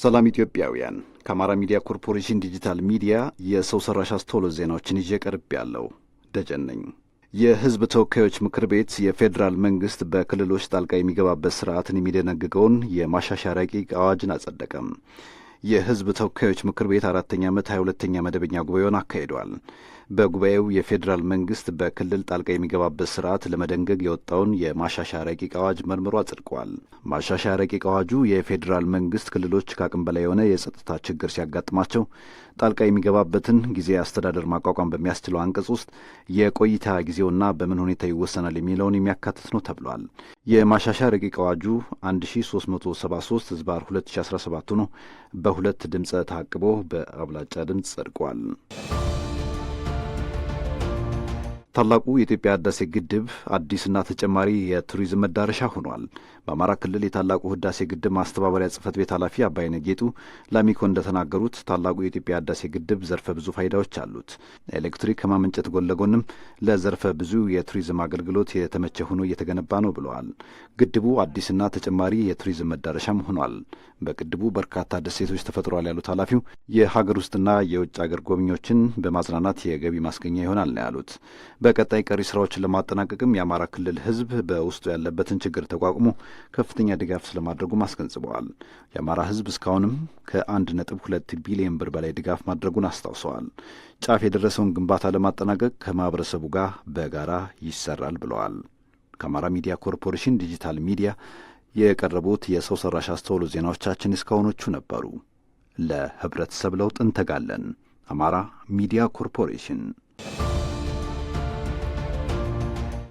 ሰላም ኢትዮጵያውያን፣ ከአማራ ሚዲያ ኮርፖሬሽን ዲጂታል ሚዲያ የሰው ሰራሽ አስተውሎት ዜናዎችን ይዤ ቀርብ ያለው ደጀን ነኝ። የሕዝብ ተወካዮች ምክር ቤት የፌዴራል መንግስት በክልሎች ጣልቃ የሚገባበት ስርዓትን የሚደነግገውን የማሻሻያ ረቂቅ አዋጅን አጸደቀም። የሕዝብ ተወካዮች ምክር ቤት አራተኛ ዓመት 2ሁለተኛ መደበኛ ጉባኤውን አካሂዷል። በጉባኤው የፌዴራል መንግስት በክልል ጣልቃ የሚገባበት ስርዓት ለመደንገግ የወጣውን የማሻሻያ ረቂቅ አዋጅ መርምሮ አጽድቋል። ማሻሻያ ረቂቅ አዋጁ የፌዴራል መንግስት ክልሎች ከአቅም በላይ የሆነ የጸጥታ ችግር ሲያጋጥማቸው ጣልቃ የሚገባበትን ጊዜ አስተዳደር ማቋቋም በሚያስችለው አንቀጽ ውስጥ የቆይታ ጊዜውና በምን ሁኔታ ይወሰናል የሚለውን የሚያካትት ነው ተብሏል። የማሻሻያ ረቂቅ አዋጁ 1373 ህዝባር 2017 ሆኖ በሁለት ድምፀ ታቅቦ በአብላጫ ድምፅ ጸድቋል። ታላቁ የኢትዮጵያ ህዳሴ ግድብ አዲስና ተጨማሪ የቱሪዝም መዳረሻ ሆኗል። በአማራ ክልል የታላቁ ህዳሴ ግድብ ማስተባበሪያ ጽህፈት ቤት ኃላፊ አባይነ ጌጡ ለአሚኮ እንደተናገሩት ታላቁ የኢትዮጵያ ህዳሴ ግድብ ዘርፈ ብዙ ፋይዳዎች አሉት። ኤሌክትሪክ ከማመንጨት ጎን ለጎንም ለዘርፈ ብዙ የቱሪዝም አገልግሎት የተመቸ ሆኖ እየተገነባ ነው ብለዋል። ግድቡ አዲስና ተጨማሪ የቱሪዝም መዳረሻም ሆኗል። በግድቡ በርካታ ደሴቶች ተፈጥሯል ያሉት ኃላፊው የሀገር ውስጥና የውጭ አገር ጎብኚዎችን በማዝናናት የገቢ ማስገኛ ይሆናል ነው ያሉት። በቀጣይ ቀሪ ስራዎችን ለማጠናቀቅም የአማራ ክልል ህዝብ በውስጡ ያለበትን ችግር ተቋቁሞ ከፍተኛ ድጋፍ ስለማድረጉም አስገንዝበዋል። የአማራ ህዝብ እስካሁንም ከአንድ ነጥብ ሁለት ቢሊዮን ብር በላይ ድጋፍ ማድረጉን አስታውሰዋል። ጫፍ የደረሰውን ግንባታ ለማጠናቀቅ ከማህበረሰቡ ጋር በጋራ ይሰራል ብለዋል። ከአማራ ሚዲያ ኮርፖሬሽን ዲጂታል ሚዲያ የቀረቡት የሰው ሰራሽ አስተውሎ ዜናዎቻችን እስካሁኖቹ ነበሩ። ለህብረተሰብ ለውጥ እንተጋለን። አማራ ሚዲያ ኮርፖሬሽን